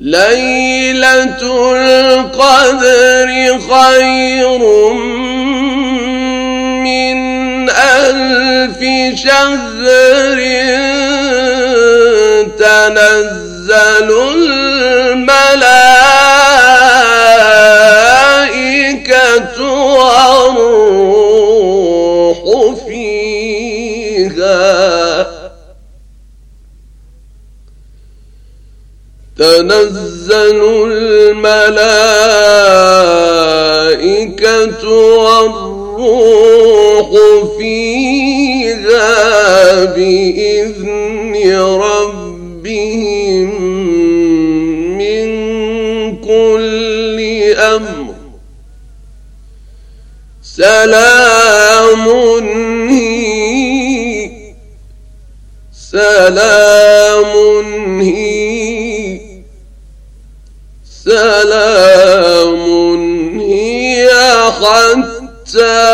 ليلة القدر خير من ألف شهر تنزل الملائكة والروح تنزل الملائكة والروح فيها بإذن ربهم من كل أمر سلام سلام هي سلام هي حتى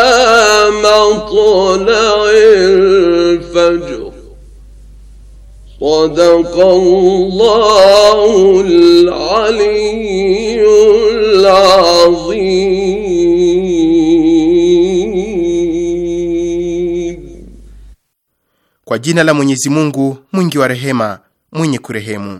مطلع الفجر صدق الله العلي العظيم. Kwa jina la Mwenyezi Mungu mwingi wa rehema mwenye kurehemu.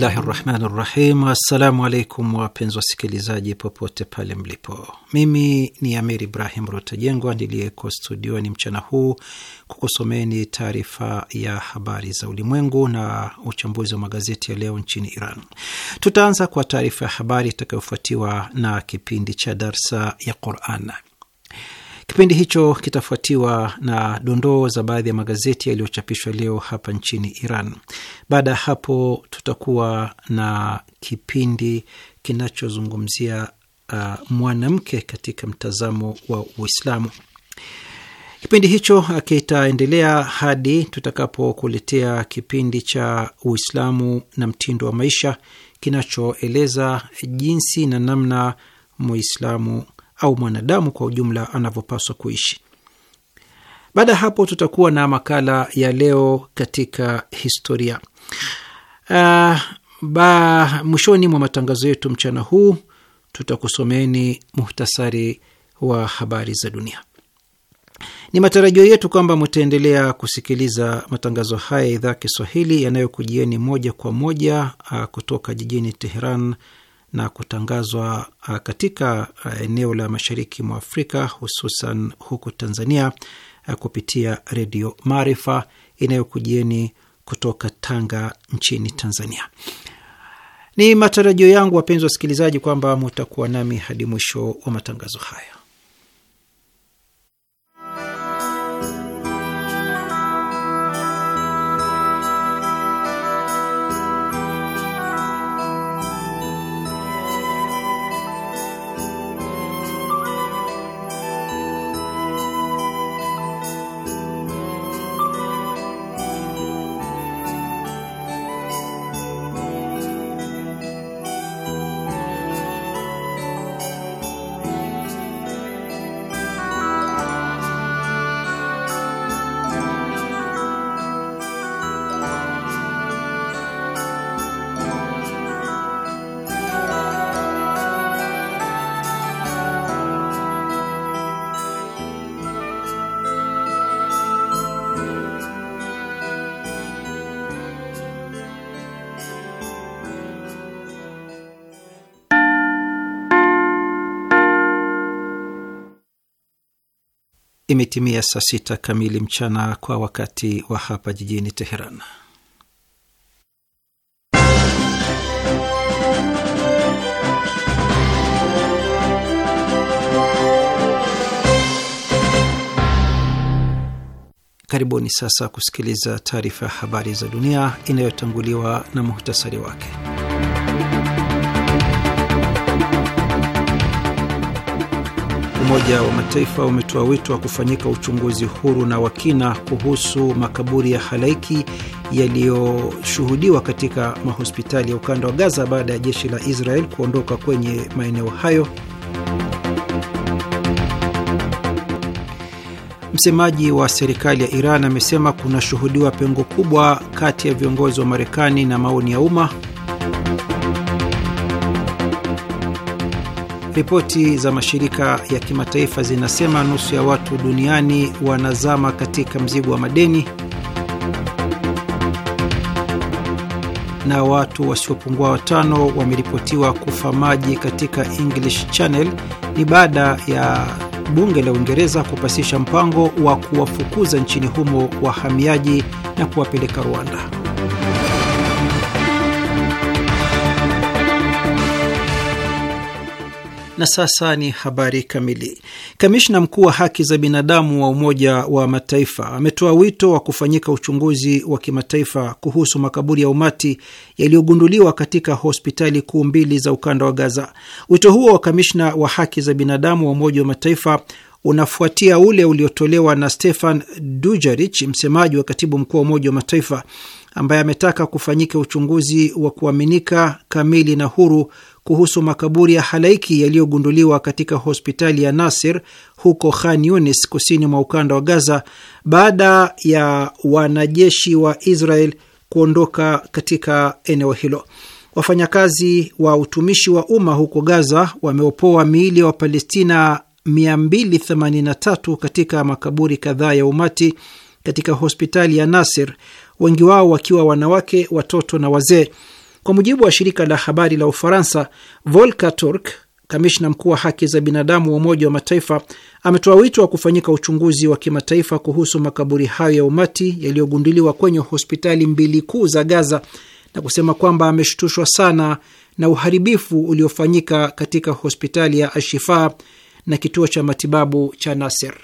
Bismillahi rahmani rahim. Assalamu alaikum wapenzi wasikilizaji popote pale mlipo, mimi ni Amir Ibrahim Rutajengwa niliyeko studioni mchana huu kukusomeni taarifa ya habari za ulimwengu na uchambuzi wa magazeti ya leo nchini Iran. Tutaanza kwa taarifa ya habari itakayofuatiwa na kipindi cha darsa ya Quran. Kipindi hicho kitafuatiwa na dondoo za baadhi ya magazeti yaliyochapishwa leo hapa nchini Iran. Baada ya hapo, tutakuwa na kipindi kinachozungumzia uh, mwanamke katika mtazamo wa Uislamu. Kipindi hicho kitaendelea hadi tutakapokuletea kipindi cha Uislamu na mtindo wa maisha kinachoeleza jinsi na namna Muislamu au mwanadamu kwa ujumla anavyopaswa kuishi. Baada ya hapo, tutakuwa na makala ya leo katika historia. Uh, ba mwishoni mwa matangazo yetu mchana huu tutakusomeni muhtasari wa habari za dunia. Ni matarajio yetu kwamba mtaendelea kusikiliza matangazo haya ya idhaa Kiswahili yanayokujieni moja kwa moja ah, kutoka jijini Teheran na kutangazwa uh, katika uh, eneo la mashariki mwa Afrika, hususan huku Tanzania, uh, kupitia Redio Maarifa inayokujieni kutoka Tanga nchini Tanzania. Ni matarajio yangu wapenzi wasikilizaji, kwamba mutakuwa nami hadi mwisho wa matangazo haya. Imetimia saa sita kamili mchana kwa wakati wa hapa jijini Teheran. Karibuni sasa kusikiliza taarifa ya habari za dunia inayotanguliwa na muhtasari wake. Umoja wa Mataifa umetoa wito wa kufanyika uchunguzi huru na wakina kuhusu makaburi ya halaiki yaliyoshuhudiwa katika mahospitali ya ukanda wa Gaza baada ya jeshi la Israel kuondoka kwenye maeneo hayo. Msemaji wa serikali ya Iran amesema kunashuhudiwa pengo kubwa kati ya viongozi wa Marekani na maoni ya umma. Ripoti za mashirika ya kimataifa zinasema nusu ya watu duniani wanazama katika mzigo wa madeni na watu wasiopungua watano wameripotiwa kufa maji katika English Channel ni baada ya bunge la Uingereza kupasisha mpango wa kuwafukuza nchini humo wahamiaji na kuwapeleka Rwanda. Na sasa ni habari kamili. Kamishna mkuu wa haki za binadamu wa Umoja wa Mataifa ametoa wito wa kufanyika uchunguzi wa kimataifa kuhusu makaburi ya umati yaliyogunduliwa katika hospitali kuu mbili za ukanda wa Gaza. Wito huo wa kamishna wa haki za binadamu wa Umoja wa Mataifa unafuatia ule uliotolewa na Stefan Dujarric, msemaji wa katibu mkuu wa Umoja wa Mataifa, ambaye ametaka kufanyika uchunguzi wa kuaminika, kamili na huru kuhusu makaburi ya halaiki yaliyogunduliwa katika hospitali ya Nasir huko Khan Yunis, kusini mwa ukanda wa Gaza, baada ya wanajeshi wa Israel kuondoka katika eneo hilo. Wafanyakazi wa utumishi wa umma huko Gaza wameopoa miili ya Wapalestina 283 katika makaburi kadhaa ya umati katika hospitali ya Nasir, wengi wao wakiwa wanawake, watoto na wazee. Kwa mujibu wa shirika la habari la Ufaransa, Volker Turk, kamishna mkuu wa haki za binadamu wa Umoja wa Mataifa, ametoa wito wa kufanyika uchunguzi wa kimataifa kuhusu makaburi hayo ya umati yaliyogunduliwa kwenye hospitali mbili kuu za Gaza na kusema kwamba ameshtushwa sana na uharibifu uliofanyika katika hospitali ya Ashifa na kituo cha matibabu cha Nasser.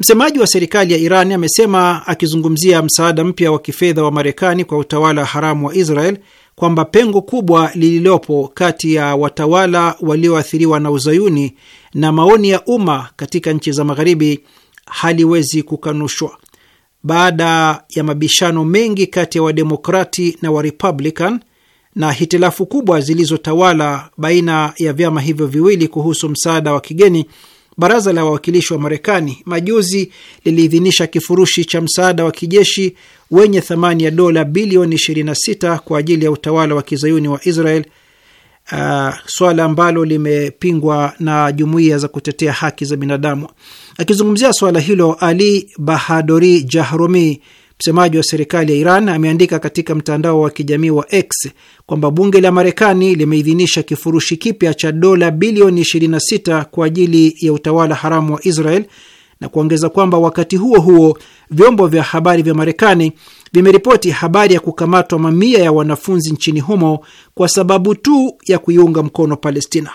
Msemaji wa serikali ya Iran amesema akizungumzia msaada mpya wa kifedha wa Marekani kwa utawala haramu wa Israel kwamba pengo kubwa lililopo kati ya watawala walioathiriwa na uzayuni na maoni ya umma katika nchi za magharibi haliwezi kukanushwa. Baada ya mabishano mengi kati ya wademokrati na warepublican na hitilafu kubwa zilizotawala baina ya vyama hivyo viwili kuhusu msaada wa kigeni, Baraza la Wawakilishi wa Marekani majuzi liliidhinisha kifurushi cha msaada wa kijeshi wenye thamani ya dola bilioni 26 kwa ajili ya utawala wa kizayuni wa Israel, uh, swala ambalo limepingwa na jumuiya za kutetea haki za binadamu. Akizungumzia swala hilo, Ali Bahadori Jahromi Msemaji wa serikali ya Iran ameandika katika mtandao wa kijamii wa X kwamba bunge la Marekani limeidhinisha kifurushi kipya cha dola bilioni 26 kwa ajili ya utawala haramu wa Israel na kuongeza kwamba wakati huo huo vyombo vya habari vya Marekani vimeripoti habari ya kukamatwa mamia ya wanafunzi nchini humo kwa sababu tu ya kuiunga mkono Palestina.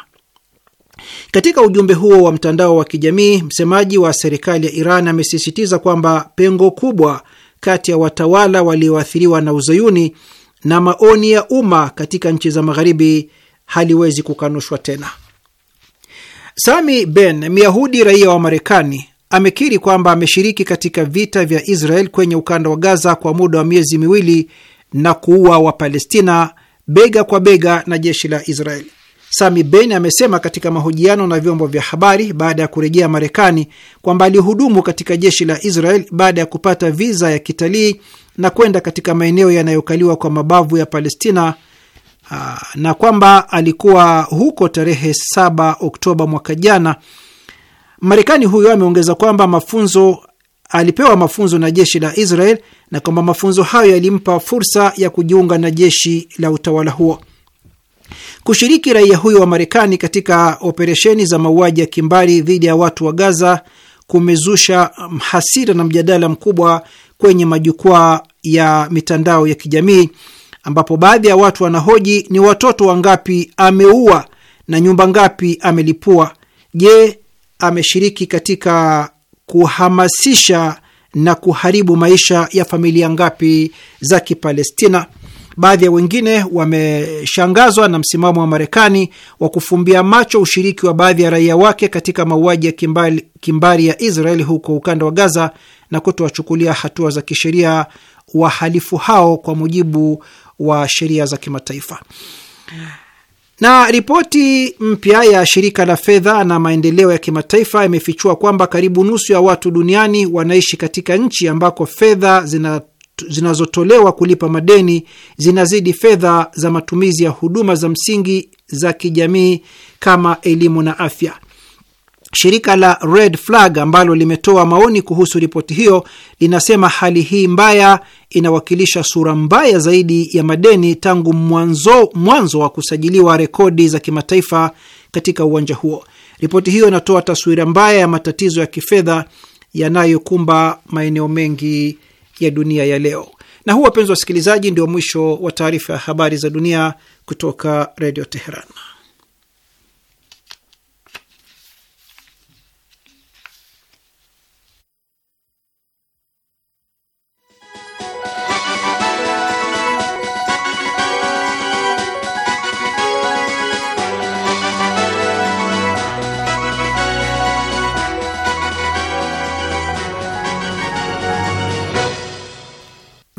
Katika ujumbe huo wa mtandao wa kijamii, msemaji wa serikali ya Iran amesisitiza kwamba pengo kubwa kati ya watawala walioathiriwa na uzayuni na maoni ya umma katika nchi za magharibi haliwezi kukanushwa tena. Sami Ben, myahudi raia wa Marekani, amekiri kwamba ameshiriki katika vita vya Israel kwenye ukanda wa Gaza kwa muda wa miezi miwili na kuua Wapalestina bega kwa bega na jeshi la Israeli. Sami Ben amesema katika mahojiano na vyombo vya habari baada ya kurejea Marekani kwamba alihudumu katika jeshi la Israel baada ya kupata viza ya kitalii na kwenda katika maeneo yanayokaliwa kwa mabavu ya Palestina ah, na kwamba alikuwa huko tarehe 7 Oktoba mwaka jana. Marekani huyo ameongeza kwamba mafunzo alipewa mafunzo na jeshi la Israel na kwamba mafunzo hayo yalimpa fursa ya kujiunga na jeshi la utawala huo. Kushiriki raia huyo wa Marekani katika operesheni za mauaji ya kimbari dhidi ya watu wa Gaza kumezusha hasira na mjadala mkubwa kwenye majukwaa ya mitandao ya kijamii ambapo baadhi ya watu wanahoji ni watoto wangapi ameua na nyumba ngapi amelipua? Je, ameshiriki katika kuhamasisha na kuharibu maisha ya familia ngapi za Kipalestina? Baadhi ya wengine wameshangazwa na msimamo wa Marekani wa kufumbia macho ushiriki wa baadhi ya raia wake katika mauaji ya kimbali, kimbari ya Israeli huko ukanda wa Gaza na kutowachukulia hatua za kisheria wahalifu hao kwa mujibu wa sheria za kimataifa. Na ripoti mpya ya shirika la fedha na maendeleo ya kimataifa imefichua kwamba karibu nusu ya watu duniani wanaishi katika nchi ambako fedha zina zinazotolewa kulipa madeni zinazidi fedha za matumizi ya huduma za msingi za kijamii kama elimu na afya. Shirika la Red Flag ambalo limetoa maoni kuhusu ripoti hiyo linasema hali hii mbaya inawakilisha sura mbaya zaidi ya madeni tangu mwanzo, mwanzo wa kusajiliwa rekodi za kimataifa katika uwanja huo. Ripoti hiyo inatoa taswira mbaya ya matatizo ya kifedha yanayokumba maeneo mengi ya dunia ya leo. Na huu, wapenzi wasikilizaji, ndio mwisho wa taarifa ya habari za dunia kutoka Redio Teheran.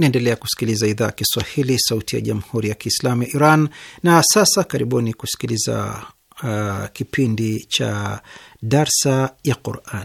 naendelea kusikiliza idhaa ya Kiswahili, sauti ya jamhuri ya kiislamu ya Iran. Na sasa karibuni kusikiliza uh, kipindi cha darsa ya Quran.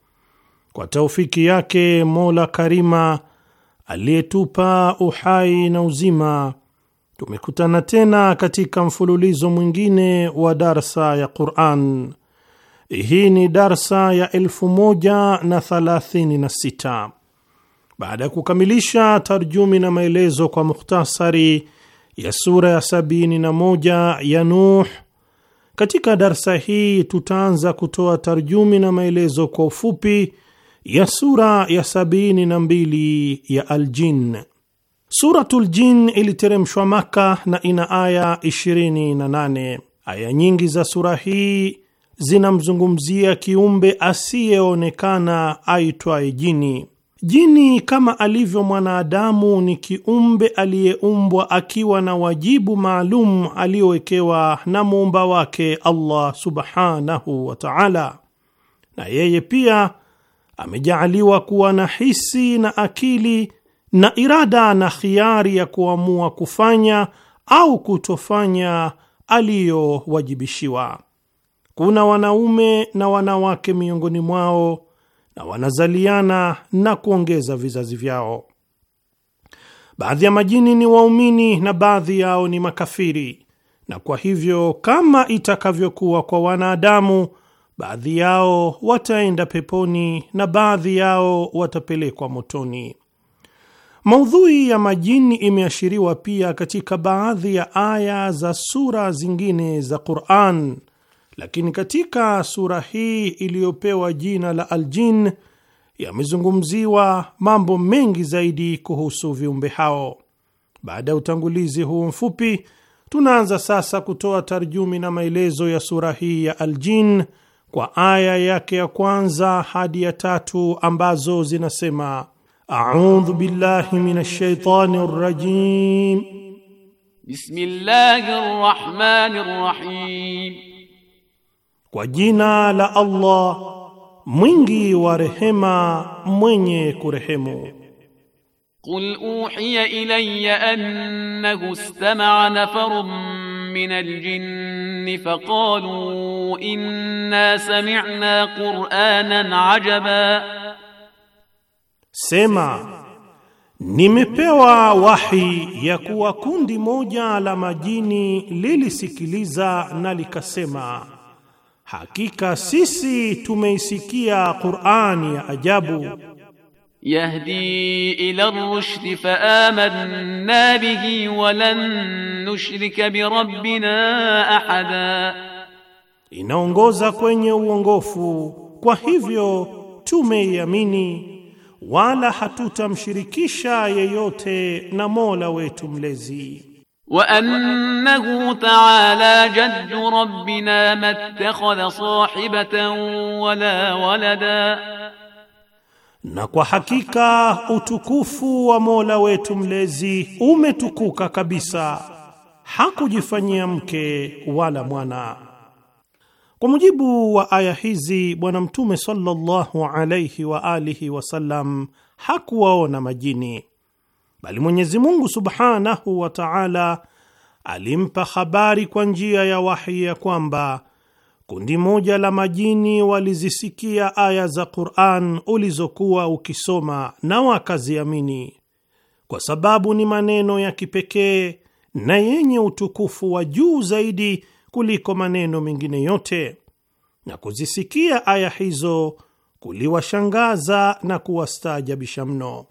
kwa taufiki yake Mola Karima aliyetupa uhai na uzima, tumekutana tena katika mfululizo mwingine wa darsa ya Quran. Hii ni darsa ya elfu moja na thalathini na sita baada ya kukamilisha tarjumi na maelezo kwa mukhtasari ya sura ya sabini na moja ya Nuh. Katika darsa hii tutaanza kutoa tarjumi na maelezo kwa ufupi ya sura ya sabini na mbili ya Aljin. Suratul Jin iliteremshwa Maka na ina aya nane. Aya nyingi za sura hii zinamzungumzia kiumbe asiyeonekana aitwaye jini. Jini kama alivyo mwanadamu ni kiumbe aliyeumbwa akiwa na wajibu maalum aliyowekewa na muumba wake Allah subhanahu wa ta'ala, na yeye pia amejaaliwa kuwa na hisi na akili na irada na khiari ya kuamua kufanya au kutofanya aliyowajibishiwa. Kuna wanaume na wanawake miongoni mwao na wanazaliana na kuongeza vizazi vyao. Baadhi ya majini ni waumini na baadhi yao ni makafiri, na kwa hivyo kama itakavyokuwa kwa wanadamu baadhi yao wataenda peponi na baadhi yao watapelekwa motoni. Maudhui ya majini imeashiriwa pia katika baadhi ya aya za sura zingine za Qur'an, lakini katika sura hii iliyopewa jina la Aljin yamezungumziwa mambo mengi zaidi kuhusu viumbe hao. Baada ya utangulizi huu mfupi, tunaanza sasa kutoa tarjumi na maelezo ya sura hii ya Aljin kwa aya yake ya kwanza hadi ya tatu ambazo zinasema: audhu billahi minash shaitani rrajim, bismillahir rahmanir rahim, kwa jina la Allah mwingi wa rehema mwenye kurehemu. Qul uhiya ilayya annahu istama'a nafarun minal jinn الجن فقالوا إنا سمعنا قرآنا عجبا Sema, nimepewa wahi ya kuwa kundi moja la majini lilisikiliza na likasema, hakika sisi tumeisikia Qur'ani ya ajabu يهدي الى الرشد فامنا به ولن نشرك بربنا احدا inaongoza kwenye uongofu kwa hivyo tumeiamini wala hatutamshirikisha yeyote na mola wetu mlezi وأنه تعالى جد ربنا ما اتخذ صاحبة ولا ولدا na kwa hakika utukufu wa Mola wetu mlezi umetukuka kabisa, hakujifanyia mke wala mwana. Kwa mujibu wa aya hizi, Bwana Mtume sallallahu alayhi wa alihi wasallam hakuwaona majini, bali Mwenyezi Mungu subhanahu wa taala alimpa habari kwa njia ya wahi ya kwamba kundi moja la majini walizisikia aya za Qur'an ulizokuwa ukisoma na wakaziamini, kwa sababu ni maneno ya kipekee na yenye utukufu wa juu zaidi kuliko maneno mengine yote, na kuzisikia aya hizo kuliwashangaza na kuwastaajabisha mno.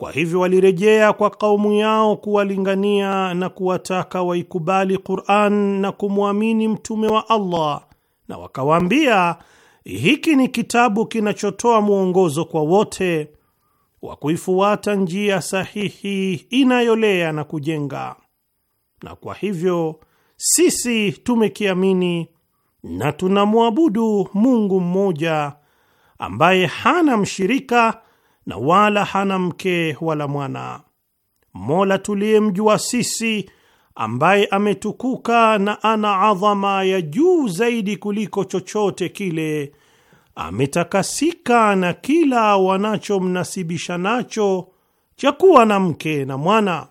Kwa hivyo walirejea kwa kaumu yao kuwalingania na kuwataka waikubali Qur'an na kumwamini mtume wa Allah, na wakawaambia hiki ni kitabu kinachotoa mwongozo kwa wote wa kuifuata njia sahihi inayolea na kujenga, na kwa hivyo sisi tumekiamini na tunamwabudu Mungu mmoja ambaye hana mshirika na wala hana mke wala mwana. Mola tuliyemjua sisi, ambaye ametukuka na ana adhama ya juu zaidi kuliko chochote kile, ametakasika na kila wanachomnasibisha nacho cha kuwa na mke na mwana.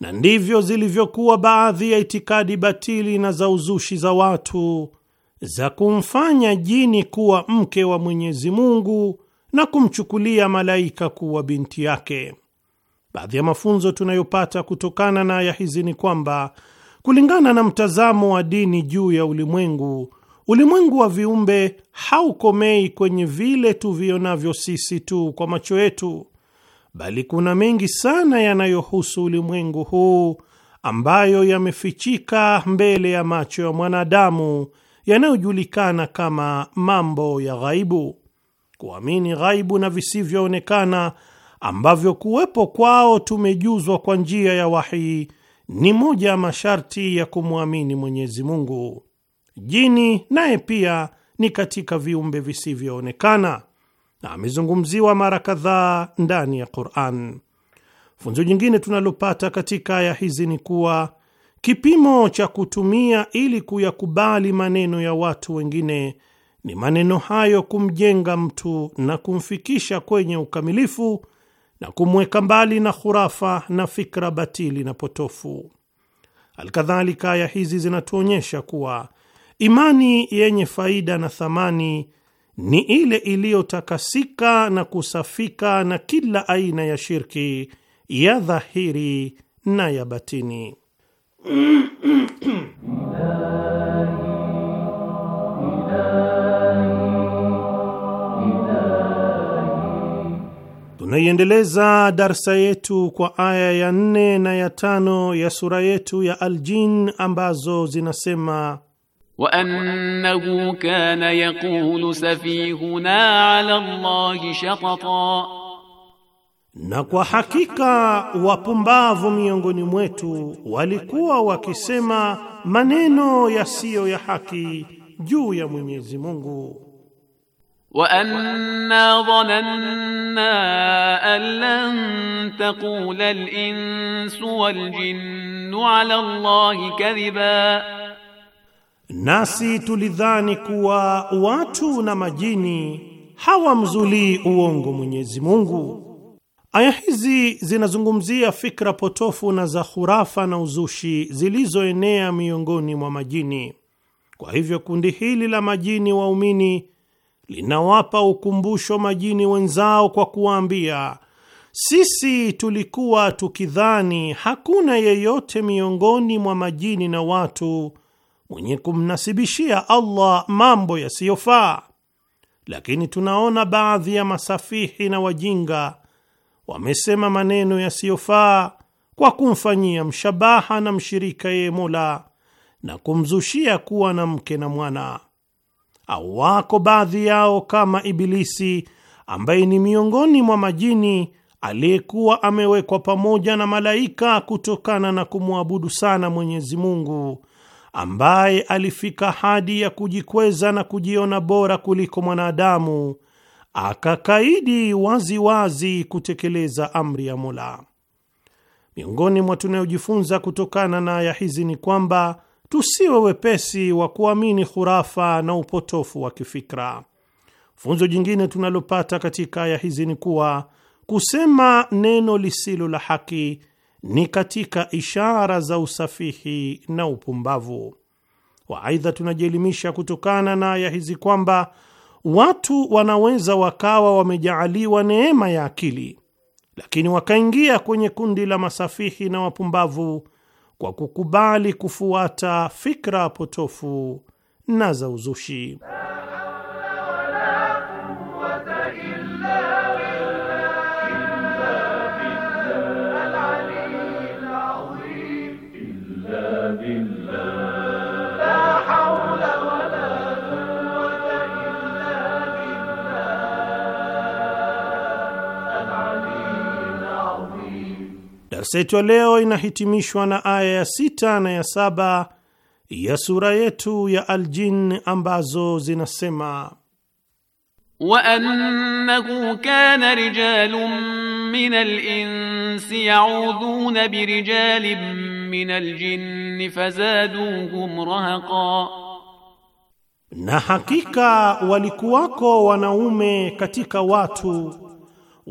Na ndivyo zilivyokuwa baadhi ya itikadi batili na za uzushi za watu za kumfanya jini kuwa mke wa Mwenyezi Mungu na kumchukulia malaika kuwa binti yake. Baadhi ya mafunzo tunayopata kutokana na aya hizi ni kwamba kulingana na mtazamo wa dini juu ya ulimwengu, ulimwengu wa viumbe haukomei kwenye vile tuvionavyo sisi tu kwa macho yetu, bali kuna mengi sana yanayohusu ulimwengu huu ambayo yamefichika mbele ya macho ya mwanadamu, yanayojulikana kama mambo ya ghaibu kuamini ghaibu na visivyoonekana ambavyo kuwepo kwao tumejuzwa kwa njia ya wahi ni moja ya masharti ya kumwamini Mwenyezi Mungu. Jini naye pia ni katika viumbe visivyoonekana na amezungumziwa mara kadhaa ndani ya Qur'an. Funzo jingine tunalopata katika aya hizi ni kuwa kipimo cha kutumia ili kuyakubali maneno ya watu wengine ni maneno hayo kumjenga mtu na kumfikisha kwenye ukamilifu na kumweka mbali na khurafa na fikra batili na potofu. Alkadhalika, aya hizi zinatuonyesha kuwa imani yenye faida na thamani ni ile iliyotakasika na kusafika na kila aina ya shirki ya dhahiri na ya batini. Tunaiendeleza darsa yetu kwa aya ya nne na ya tano ya sura yetu ya Aljin ambazo zinasema wa annahu kana yaqulu safihuna ala Allahi shatata, na kwa hakika wapumbavu miongoni mwetu walikuwa wakisema maneno yasiyo ya haki juu ya Mwenyezi Mungu wa anna dhananna an lan taqula al-insu wal-jinnu ala Allahi kadhiba, nasi tulidhani kuwa watu na majini hawamzulii uongo Mwenyezi Mungu. Aya hizi zinazungumzia fikra potofu na za khurafa na uzushi zilizoenea miongoni mwa majini. Kwa hivyo kundi hili la majini waumini linawapa ukumbusho majini wenzao kwa kuwaambia, sisi tulikuwa tukidhani hakuna yeyote miongoni mwa majini na watu mwenye kumnasibishia Allah mambo yasiyofaa, lakini tunaona baadhi ya masafihi na wajinga wamesema maneno yasiyofaa kwa kumfanyia mshabaha na mshirika yeye Mola na kumzushia kuwa na mke na mwana au wako baadhi yao kama Ibilisi ambaye ni miongoni mwa majini aliyekuwa amewekwa pamoja na malaika kutokana na kumwabudu sana Mwenyezi Mungu, ambaye alifika hadi ya kujikweza na kujiona bora kuliko mwanadamu, akakaidi waziwazi wazi kutekeleza amri ya Mola. Miongoni mwa tunayojifunza kutokana na aya hizi ni kwamba tusiwe wepesi wa kuamini khurafa na upotofu wa kifikra. Funzo jingine tunalopata katika aya hizi ni kuwa kusema neno lisilo la haki ni katika ishara za usafihi na upumbavu wa. Aidha, tunajielimisha kutokana na aya hizi kwamba watu wanaweza wakawa wamejaaliwa neema ya akili, lakini wakaingia kwenye kundi la masafihi na wapumbavu kwa kukubali kufuata fikra potofu na za uzushi. Kaseti ya leo inahitimishwa na aya ya sita na ya saba ya sura yetu ya Aljin ambazo zinasema wa annahu kana rijalun min al-insi ya'udhuna min jinni fazaduhum rahaqa, na hakika walikuwako wanaume katika watu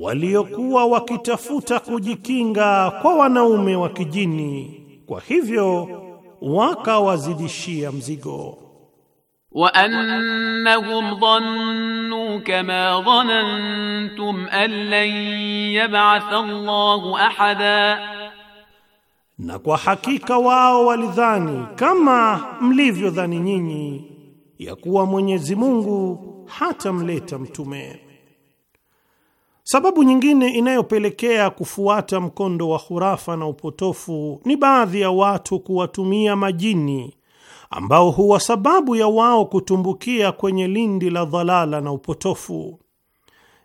waliokuwa wakitafuta kujikinga kwa wanaume wa kijini, kwa hivyo wakawazidishia mzigo. wa annahum dhannu kama dhanantum an lan yab'atha Allahu ahada, na kwa hakika wao walidhani kama mlivyodhani nyinyi ya kuwa Mwenyezi Mungu hatamleta mtume. Sababu nyingine inayopelekea kufuata mkondo wa hurafa na upotofu ni baadhi ya watu kuwatumia majini ambao huwa sababu ya wao kutumbukia kwenye lindi la dhalala na upotofu.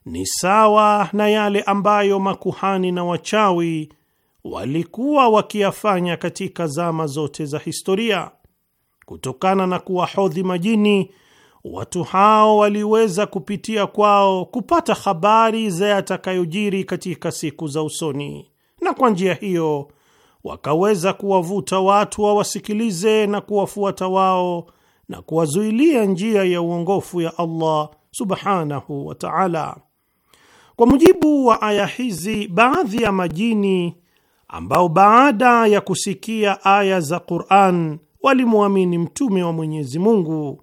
Ni sawa na yale ambayo makuhani na wachawi walikuwa wakiyafanya katika zama zote za historia. Kutokana na kuwahodhi majini watu hao waliweza kupitia kwao kupata habari za yatakayojiri katika siku za usoni, na kwa njia hiyo wakaweza kuwavuta watu wawasikilize na kuwafuata wao na kuwazuilia njia ya uongofu ya Allah subhanahu wa ta'ala. Kwa mujibu wa aya hizi, baadhi ya majini ambao baada ya kusikia aya za Qur'an walimwamini mtume wa Mwenyezi Mungu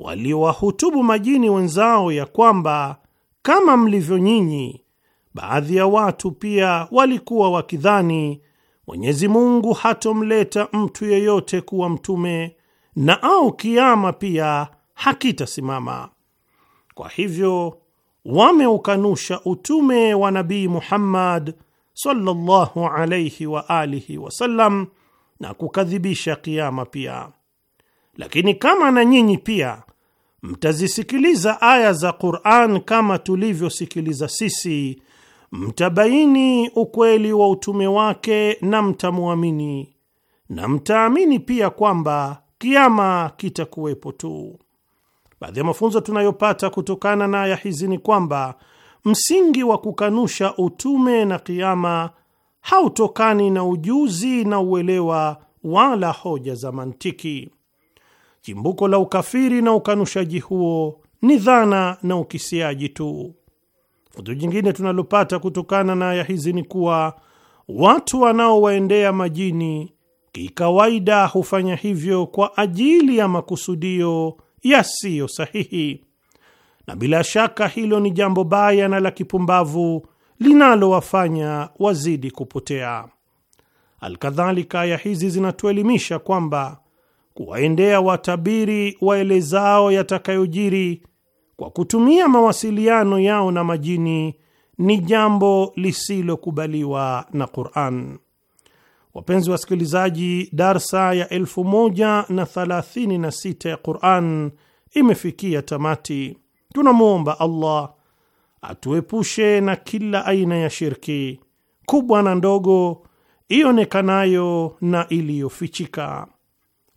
waliowahutubu majini wenzao ya kwamba kama mlivyo nyinyi, baadhi ya watu pia walikuwa wakidhani Mwenyezi Mungu hatomleta mtu yeyote kuwa mtume na au kiama pia hakitasimama. Kwa hivyo wameukanusha utume wa Nabii Muhammad sallallahu alayhi wa alihi wasallam na kukadhibisha kiama pia. Lakini kama na nyinyi pia mtazisikiliza aya za Qur'an kama tulivyosikiliza sisi, mtabaini ukweli wa utume wake na mtamwamini, na mtaamini pia kwamba kiama kitakuwepo tu. Baadhi ya mafunzo tunayopata kutokana na aya hizi ni kwamba msingi wa kukanusha utume na kiama hautokani na ujuzi na uelewa wala hoja za mantiki Chimbuko la ukafiri na ukanushaji huo ni dhana na ukisiaji tu. Funzo jingine tunalopata kutokana na aya hizi ni kuwa watu wanaowaendea majini kikawaida hufanya hivyo kwa ajili ya makusudio yasiyo sahihi, na bila shaka hilo ni jambo baya na la kipumbavu linalowafanya wazidi kupotea. Alkadhalika, aya hizi zinatuelimisha kwamba kuwaendea watabiri waelezao yatakayojiri kwa kutumia mawasiliano yao na majini ni jambo lisilokubaliwa na Qur'an. Wapenzi wasikilizaji, darsa ya 1036 ya Qur'an imefikia tamati. Tunamwomba Allah atuepushe na kila aina ya shirki kubwa na ndogo, ionekanayo na iliyofichika.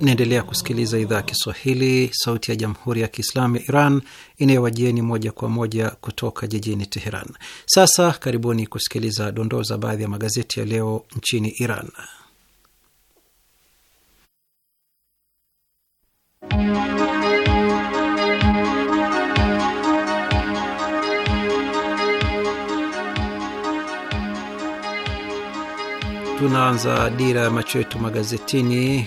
Naendelea kusikiliza idhaa ya Kiswahili, sauti ya jamhuri ya kiislamu ya Iran inayowajieni moja kwa moja kutoka jijini Teheran. Sasa karibuni kusikiliza dondoo za baadhi ya magazeti ya leo nchini Iran. Tunaanza dira ya macho yetu magazetini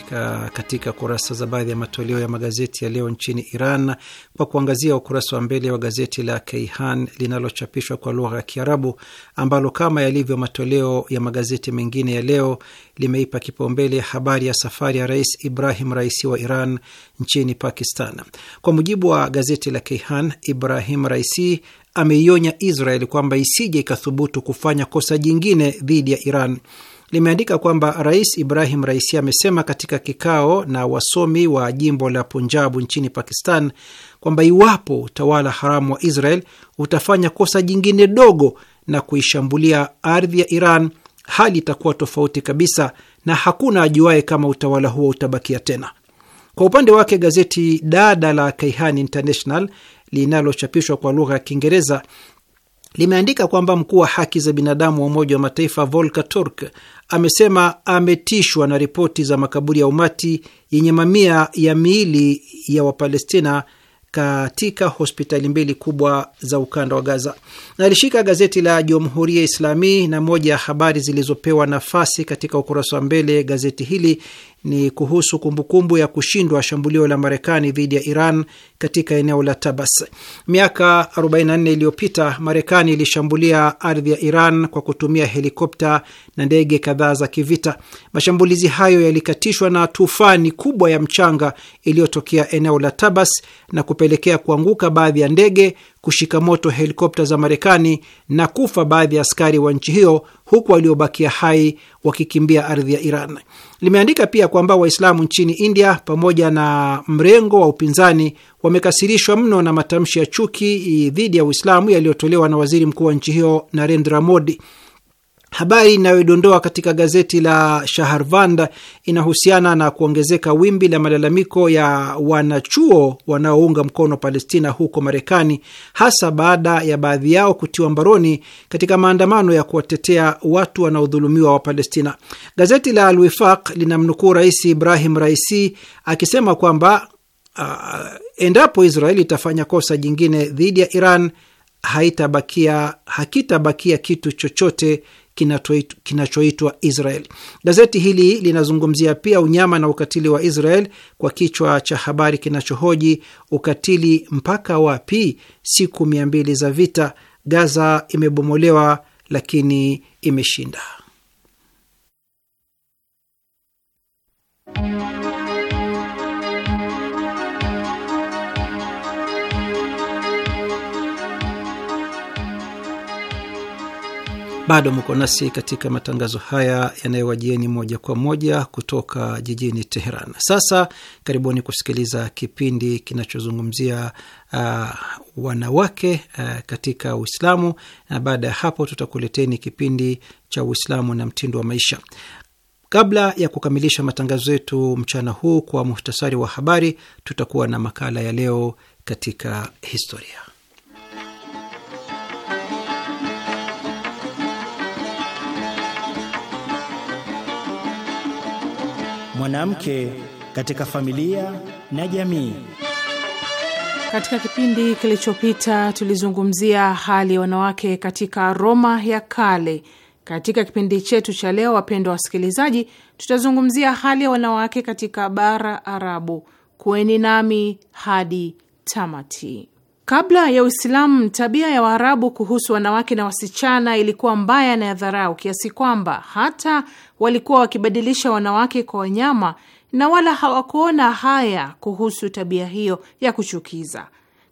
katika kurasa za baadhi ya matoleo ya magazeti ya leo nchini Iran kwa kuangazia ukurasa wa mbele wa gazeti la Keihan linalochapishwa kwa lugha ya Kiarabu ambalo kama yalivyo matoleo ya magazeti mengine ya leo limeipa kipaumbele habari ya safari ya Rais Ibrahim Raisi wa Iran nchini Pakistan. Kwa mujibu wa gazeti la Keihan, Ibrahim Raisi ameionya Israel kwamba isije ikathubutu kufanya kosa jingine dhidi ya Iran limeandika kwamba Rais Ibrahim Raisi amesema katika kikao na wasomi wa jimbo la Punjabu nchini Pakistan kwamba iwapo utawala haramu wa Israel utafanya kosa jingine dogo na kuishambulia ardhi ya Iran, hali itakuwa tofauti kabisa na hakuna ajuaye kama utawala huo utabakia tena. Kwa upande wake gazeti dada la Kaihan International linalochapishwa kwa lugha ya Kiingereza limeandika kwamba mkuu wa haki za binadamu wa Umoja wa Mataifa Volker Turk amesema ametishwa na ripoti za makaburi ya umati yenye mamia ya miili ya Wapalestina katika hospitali mbili kubwa za ukanda wa Gaza. Na alishika gazeti la jumhuria Islami, na moja ya habari zilizopewa nafasi katika ukurasa wa mbele gazeti hili ni kuhusu kumbukumbu ya kushindwa shambulio la Marekani dhidi ya Iran katika eneo la Tabas. Miaka 44 iliyopita, Marekani ilishambulia ardhi ya Iran kwa kutumia helikopta na ndege kadhaa za kivita. Mashambulizi hayo yalikatishwa na tufani kubwa ya mchanga iliyotokea eneo la Tabas na kupelekea kuanguka baadhi ya ndege, kushika moto helikopta za Marekani na kufa baadhi ya askari wa nchi hiyo, huku waliobakia hai wakikimbia ardhi ya Iran. Limeandika pia kwamba Waislamu nchini India pamoja na mrengo wa upinzani wamekasirishwa mno na matamshi ya chuki dhidi ya Uislamu yaliyotolewa na waziri mkuu wa nchi hiyo Narendra Modi. Habari inayodondoa katika gazeti la Shaharvand inahusiana na kuongezeka wimbi la malalamiko ya wanachuo wanaounga mkono Palestina huko Marekani, hasa baada ya baadhi yao kutiwa mbaroni katika maandamano ya kuwatetea watu wanaodhulumiwa wa Palestina. Gazeti la Alwifaq linamnukuu Rais Ibrahim Raisi akisema kwamba uh, endapo Israeli itafanya kosa jingine dhidi ya Iran haitabakia hakitabakia kitu chochote kinachoitwa Israel. Gazeti hili linazungumzia pia unyama na ukatili wa Israel kwa kichwa cha habari kinachohoji ukatili mpaka wapi? Siku mia mbili za vita, Gaza imebomolewa lakini imeshinda. Bado mko nasi katika matangazo haya yanayowajieni moja kwa moja kutoka jijini Teheran. Sasa karibuni kusikiliza kipindi kinachozungumzia uh, wanawake uh, katika Uislamu, na baada ya hapo tutakuleteni kipindi cha Uislamu na mtindo wa maisha. Kabla ya kukamilisha matangazo yetu mchana huu kwa muhtasari wa habari, tutakuwa na makala ya leo katika historia. mwanamke katika familia na jamii. Katika kipindi kilichopita tulizungumzia hali ya wanawake katika Roma ya kale. Katika kipindi chetu cha leo, wapendwa wasikilizaji, tutazungumzia hali ya wanawake katika bara Arabu. Kuweni nami hadi tamati. Kabla ya Uislamu, tabia ya Waarabu kuhusu wanawake na wasichana ilikuwa mbaya na ya dharau kiasi kwamba hata walikuwa wakibadilisha wanawake kwa wanyama na wala hawakuona haya kuhusu tabia hiyo ya kuchukiza.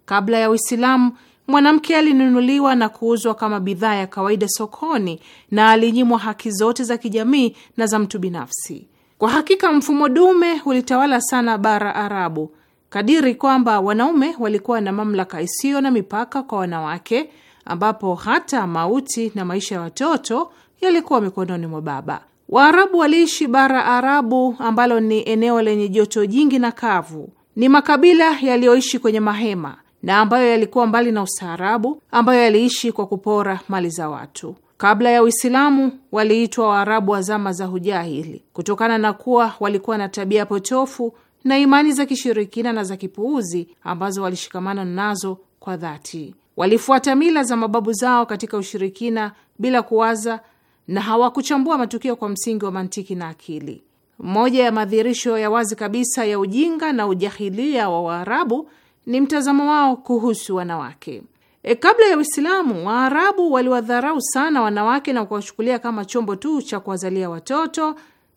Kabla ya Uislamu, mwanamke alinunuliwa na kuuzwa kama bidhaa ya kawaida sokoni na alinyimwa haki zote za kijamii na za mtu binafsi. Kwa hakika mfumo dume ulitawala sana bara Arabu kadiri kwamba wanaume walikuwa na mamlaka isiyo na mipaka kwa wanawake, ambapo hata mauti na maisha ya watoto yalikuwa mikononi mwa baba. Waarabu waliishi bara Arabu ambalo ni eneo lenye joto jingi na kavu. Ni makabila yaliyoishi kwenye mahema na ambayo yalikuwa mbali na ustaarabu, ambayo yaliishi kwa kupora mali za watu. Kabla ya Uislamu waliitwa Waarabu wa zama za hujahili kutokana na kuwa walikuwa na tabia potofu na imani za kishirikina na za kipuuzi ambazo walishikamana nazo kwa dhati. Walifuata mila za mababu zao katika ushirikina bila kuwaza na hawakuchambua matukio kwa msingi wa mantiki na akili. Moja ya madhihirisho ya wazi kabisa ya ujinga na ujahilia wa Waarabu ni mtazamo wao kuhusu wanawake. E, kabla ya Uislamu Waarabu waliwadharau sana wanawake na kuwachukulia kama chombo tu cha kuwazalia watoto,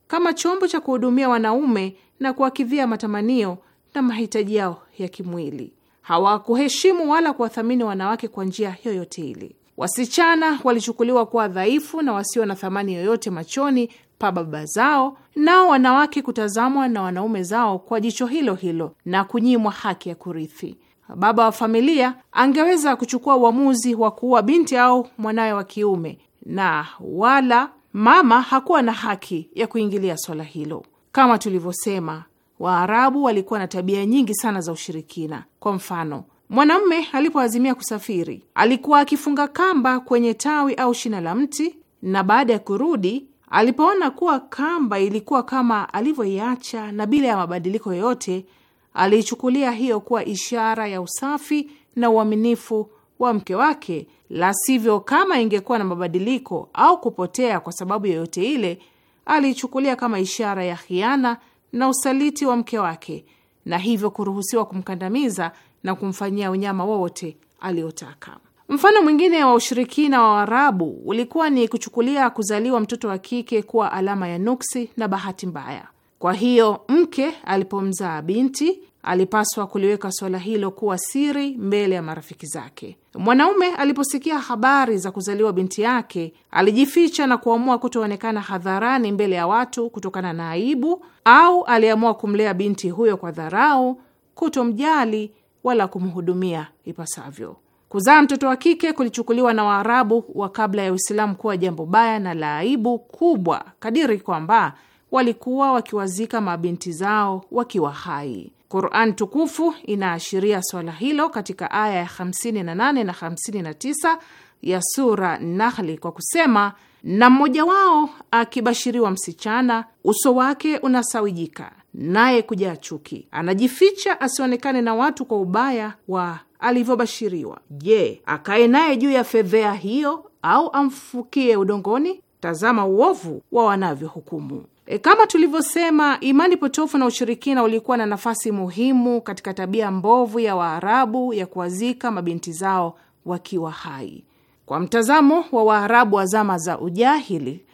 kama chombo cha kuhudumia wanaume na kuwakidhia matamanio na mahitaji yao ya kimwili. Hawakuheshimu wala kuwathamini wanawake kwa njia yoyote ile. Wasichana walichukuliwa kuwa dhaifu na wasio na thamani yoyote machoni pa baba zao, nao wanawake kutazamwa na wanaume zao kwa jicho hilo hilo na kunyimwa haki ya kurithi. Baba wa familia angeweza kuchukua uamuzi wa kuua binti au mwanawe wa kiume, na wala mama hakuwa na haki ya kuingilia swala hilo. Kama tulivyosema, Waarabu walikuwa na tabia nyingi sana za ushirikina. Kwa mfano, mwanamume alipoazimia kusafiri alikuwa akifunga kamba kwenye tawi au shina la mti, na baada ya kurudi, alipoona kuwa kamba ilikuwa kama alivyoiacha na bila ya mabadiliko yoyote, aliichukulia hiyo kuwa ishara ya usafi na uaminifu wa mke wake, la sivyo, kama ingekuwa na mabadiliko au kupotea kwa sababu yoyote ile, aliichukulia kama ishara ya khiana na usaliti wa mke wake na hivyo kuruhusiwa kumkandamiza na kumfanyia unyama wowote aliotaka. Mfano mwingine wa ushirikina wa Waarabu ulikuwa ni kuchukulia kuzaliwa mtoto wa kike kuwa alama ya nuksi na bahati mbaya. Kwa hiyo mke alipomzaa binti alipaswa kuliweka suala hilo kuwa siri mbele ya marafiki zake. Mwanaume aliposikia habari za kuzaliwa binti yake alijificha na kuamua kutoonekana hadharani mbele ya watu kutokana na aibu, au aliamua kumlea binti huyo kwa dharau, kutomjali wala kumhudumia ipasavyo. Kuzaa mtoto wa kike kulichukuliwa na Waarabu wa kabla ya Uislamu kuwa jambo baya na la aibu kubwa, kadiri kwamba walikuwa wakiwazika mabinti zao wakiwa hai. Quran tukufu inaashiria swala hilo katika aya ya 58 na 59 ya sura Nahli kwa kusema, na mmoja wao akibashiriwa msichana, uso wake unasawijika naye kujaa chuki, anajificha asionekane na watu kwa ubaya wa alivyobashiriwa. Je, akaye naye juu ya fedhea hiyo au amfukie udongoni? Tazama uovu wa wanavyohukumu. E, kama tulivyosema, imani potofu na ushirikina ulikuwa na nafasi muhimu katika tabia mbovu ya Waarabu ya kuwazika mabinti zao wakiwa hai. Kwa mtazamo wa Waarabu wa zama za ujahili,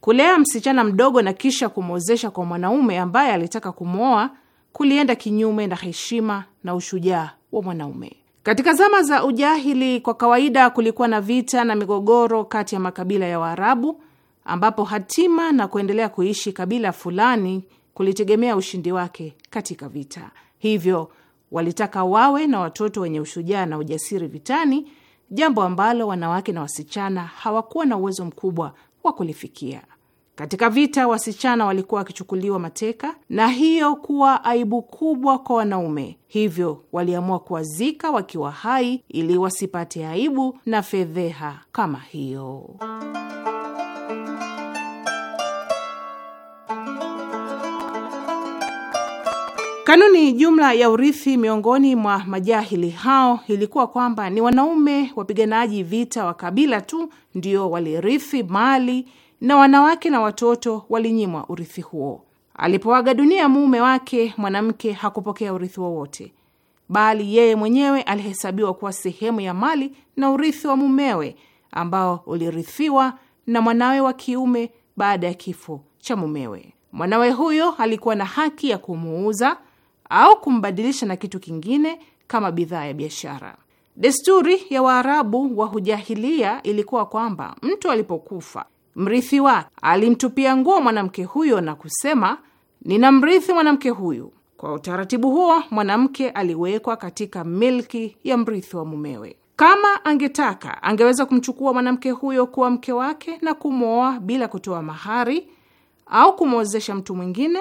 kulea msichana mdogo na kisha kumwozesha kwa mwanaume ambaye alitaka kumwoa kulienda kinyume na heshima na ushujaa wa mwanaume. Katika zama za ujahili, kwa kawaida kulikuwa na vita na migogoro kati ya makabila ya Waarabu ambapo hatima na kuendelea kuishi kabila fulani kulitegemea ushindi wake katika vita. Hivyo walitaka wawe na watoto wenye ushujaa na ujasiri vitani, jambo ambalo wanawake na wasichana hawakuwa na uwezo mkubwa wa kulifikia. Katika vita, wasichana walikuwa wakichukuliwa mateka na hiyo kuwa aibu kubwa kwa wanaume, hivyo waliamua kuwazika wakiwa hai ili wasipate aibu na fedheha kama hiyo. Kanuni jumla ya urithi miongoni mwa majahili hao ilikuwa kwamba ni wanaume wapiganaji vita wa kabila tu ndio walirithi mali na wanawake na watoto walinyimwa urithi huo. Alipoaga dunia mume wake, mwanamke hakupokea urithi wowote, bali yeye mwenyewe alihesabiwa kuwa sehemu ya mali na urithi wa mumewe ambao ulirithiwa na mwanawe wa kiume baada ya kifo cha mumewe. Mwanawe huyo alikuwa na haki ya kumuuza au kumbadilisha na kitu kingine kama bidhaa ya biashara. Desturi ya Waarabu wa hujahilia ilikuwa kwamba mtu alipokufa, mrithi wake alimtupia nguo mwanamke huyo na kusema, nina mrithi mwanamke huyu. Kwa utaratibu huo, mwanamke aliwekwa katika milki ya mrithi wa mumewe. Kama angetaka, angeweza kumchukua mwanamke huyo kuwa mke wake na kumwoa bila kutoa mahari au kumwozesha mtu mwingine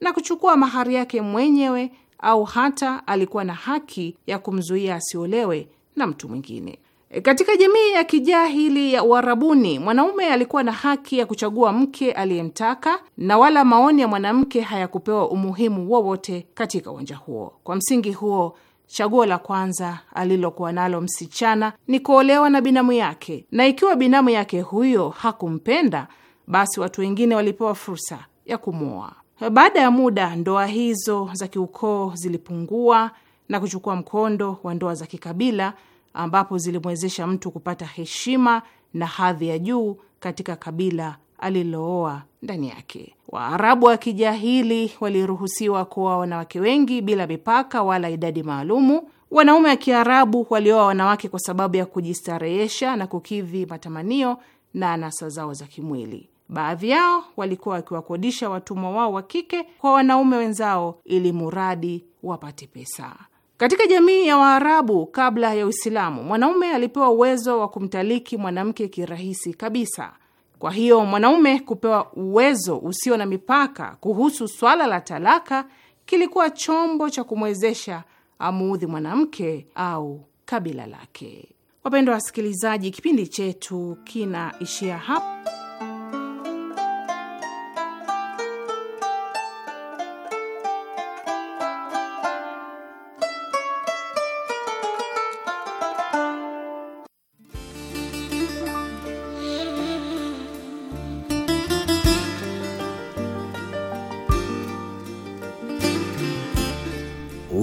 na kuchukua mahari yake mwenyewe au hata alikuwa na haki ya kumzuia asiolewe na mtu mwingine. E, katika jamii ya kijahili ya Uarabuni, mwanaume alikuwa na haki ya kuchagua mke aliyemtaka na wala maoni ya mwanamke hayakupewa umuhimu wowote katika uwanja huo. Kwa msingi huo, chaguo la kwanza alilokuwa nalo msichana ni kuolewa na binamu yake, na ikiwa binamu yake huyo hakumpenda, basi watu wengine walipewa fursa ya kumwoa. Baada ya muda, ndoa hizo za kiukoo zilipungua na kuchukua mkondo wa ndoa za kikabila, ambapo zilimwezesha mtu kupata heshima na hadhi ya juu katika kabila alilooa ndani yake. Waarabu wa kijahili waliruhusiwa kuoa wanawake wengi bila mipaka wala idadi maalumu. Wanaume wa Kiarabu walioa wanawake kwa sababu ya kujistarehesha na kukidhi matamanio na anasa zao za kimwili. Baadhi yao walikuwa wakiwakodisha watumwa wao wa kike kwa wanaume wenzao ili muradi wapate pesa. Katika jamii ya Waarabu kabla ya Uislamu, mwanaume alipewa uwezo wa kumtaliki mwanamke kirahisi kabisa. Kwa hiyo mwanaume kupewa uwezo usio na mipaka kuhusu swala la talaka kilikuwa chombo cha kumwezesha amuudhi mwanamke au kabila lake. Wapendwa wasikilizaji, kipindi chetu kinaishia hapa.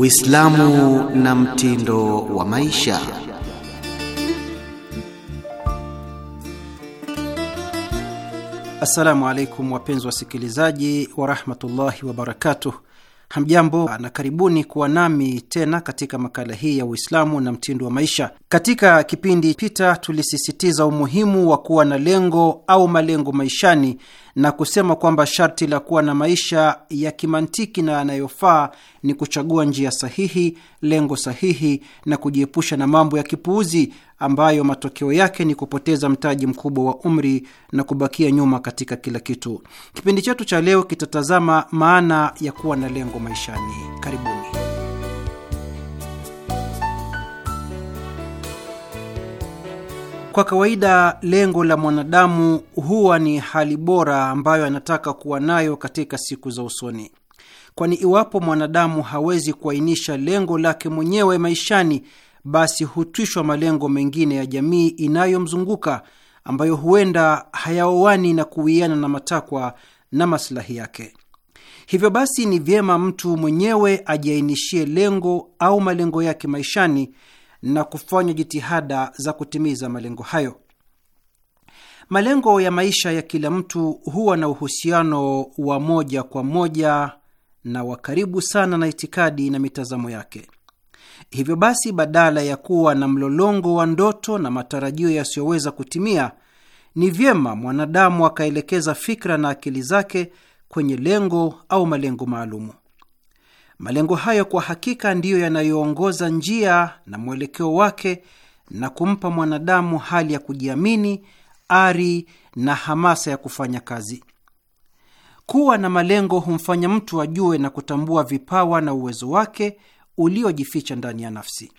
Uislamu na mtindo wa maisha. Assalamu alaikum wapenzi wasikilizaji wa rahmatullahi wabarakatuh. Hamjambo na karibuni kuwa nami tena katika makala hii ya Uislamu na mtindo wa maisha. Katika kipindi pita, tulisisitiza umuhimu wa kuwa na lengo au malengo maishani na kusema kwamba sharti la kuwa na maisha ya kimantiki na yanayofaa ni kuchagua njia sahihi, lengo sahihi, na kujiepusha na mambo ya kipuuzi ambayo matokeo yake ni kupoteza mtaji mkubwa wa umri na kubakia nyuma katika kila kitu. Kipindi chetu cha leo kitatazama maana ya kuwa na lengo maishani. Karibuni. Kwa kawaida lengo la mwanadamu huwa ni hali bora ambayo anataka kuwa nayo katika siku za usoni, kwani iwapo mwanadamu hawezi kuainisha lengo lake mwenyewe maishani, basi hutwishwa malengo mengine ya jamii inayomzunguka ambayo huenda hayaoani na kuwiana na matakwa na masilahi yake. Hivyo basi, ni vyema mtu mwenyewe ajiainishie lengo au malengo yake maishani na kufanya jitihada za kutimiza malengo hayo. Malengo ya maisha ya kila mtu huwa na uhusiano wa moja kwa moja na wa karibu sana na itikadi na mitazamo yake. Hivyo basi, badala ya kuwa na mlolongo wa ndoto na matarajio yasiyoweza kutimia, ni vyema mwanadamu akaelekeza fikra na akili zake kwenye lengo au malengo maalumu. Malengo hayo kwa hakika ndiyo yanayoongoza njia na mwelekeo wake na kumpa mwanadamu hali ya kujiamini, ari na hamasa ya kufanya kazi. Kuwa na malengo humfanya mtu ajue na kutambua vipawa na uwezo wake uliojificha ndani ya nafsi.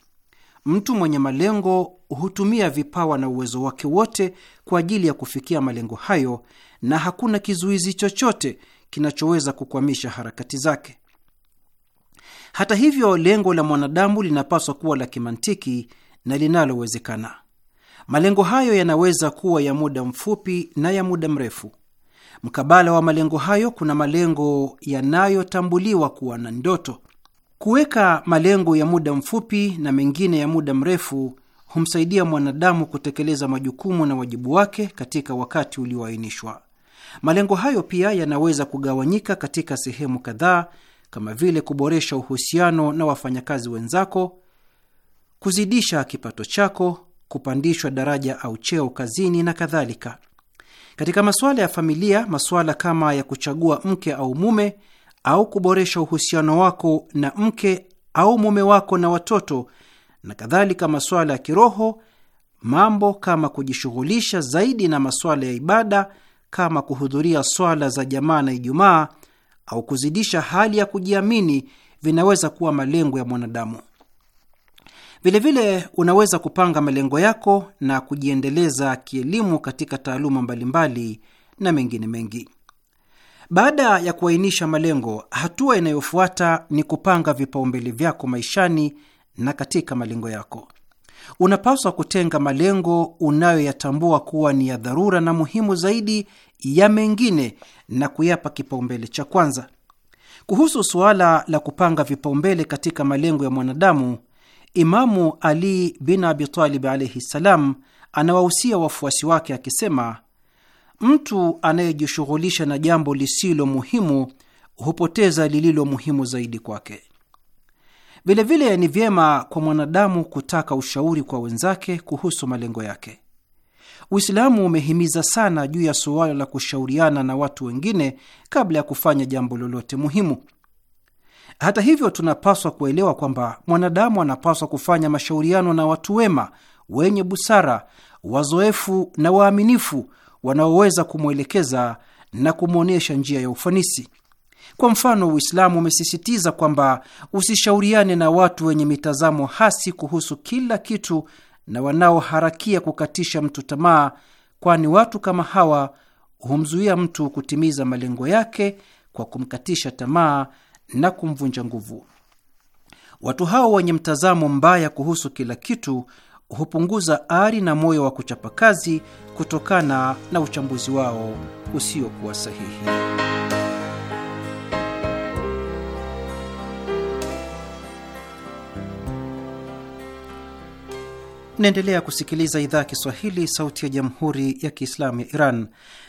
Mtu mwenye malengo hutumia vipawa na uwezo wake wote kwa ajili ya kufikia malengo hayo, na hakuna kizuizi chochote kinachoweza kukwamisha harakati zake. Hata hivyo, lengo la mwanadamu linapaswa kuwa la kimantiki na linalowezekana. Malengo hayo yanaweza kuwa ya muda mfupi na ya muda mrefu. Mkabala wa malengo hayo kuna malengo yanayotambuliwa kuwa na ndoto. Kuweka malengo ya muda mfupi na mengine ya muda mrefu humsaidia mwanadamu kutekeleza majukumu na wajibu wake katika wakati ulioainishwa. Malengo hayo pia yanaweza kugawanyika katika sehemu kadhaa kama vile kuboresha uhusiano na wafanyakazi wenzako, kuzidisha kipato chako, kupandishwa daraja au cheo kazini na kadhalika. Katika masuala ya familia, masuala kama ya kuchagua mke au mume au kuboresha uhusiano wako na mke au mume wako na watoto na kadhalika masuala ya kiroho, mambo kama kujishughulisha zaidi na masuala ya ibada kama kuhudhuria swala za jamaa na Ijumaa au kuzidisha hali ya kujiamini vinaweza kuwa malengo ya mwanadamu. Vilevile unaweza kupanga malengo yako na kujiendeleza kielimu katika taaluma mbalimbali na mengine mengi. Baada ya kuainisha malengo, hatua inayofuata ni kupanga vipaumbele vyako maishani na katika malengo yako. Unapaswa kutenga malengo unayoyatambua kuwa ni ya dharura na muhimu zaidi ya mengine na kuyapa kipaumbele cha kwanza. Kuhusu suala la kupanga vipaumbele katika malengo ya mwanadamu, Imamu Ali bin Abi Talib alaihi ssalam anawahusia wafuasi wake akisema: mtu anayejishughulisha na jambo lisilo muhimu hupoteza lililo muhimu zaidi kwake. Vilevile ni vyema kwa mwanadamu kutaka ushauri kwa wenzake kuhusu malengo yake. Uislamu umehimiza sana juu ya suala la kushauriana na watu wengine kabla ya kufanya jambo lolote muhimu. Hata hivyo, tunapaswa kuelewa kwamba mwanadamu anapaswa kufanya mashauriano na watu wema, wenye busara, wazoefu na waaminifu wanaoweza kumwelekeza na kumwonyesha njia ya ufanisi. Kwa mfano, Uislamu umesisitiza kwamba usishauriane na watu wenye mitazamo hasi kuhusu kila kitu na wanaoharakia kukatisha mtu tamaa, kwani watu kama hawa humzuia mtu kutimiza malengo yake kwa kumkatisha tamaa na kumvunja nguvu. Watu hao wenye mtazamo mbaya kuhusu kila kitu hupunguza ari na moyo wa kuchapa kazi kutokana na uchambuzi wao usiokuwa sahihi. Naendelea kusikiliza idhaa ya Kiswahili, sauti ya jamhuri ya kiislamu ya Iran.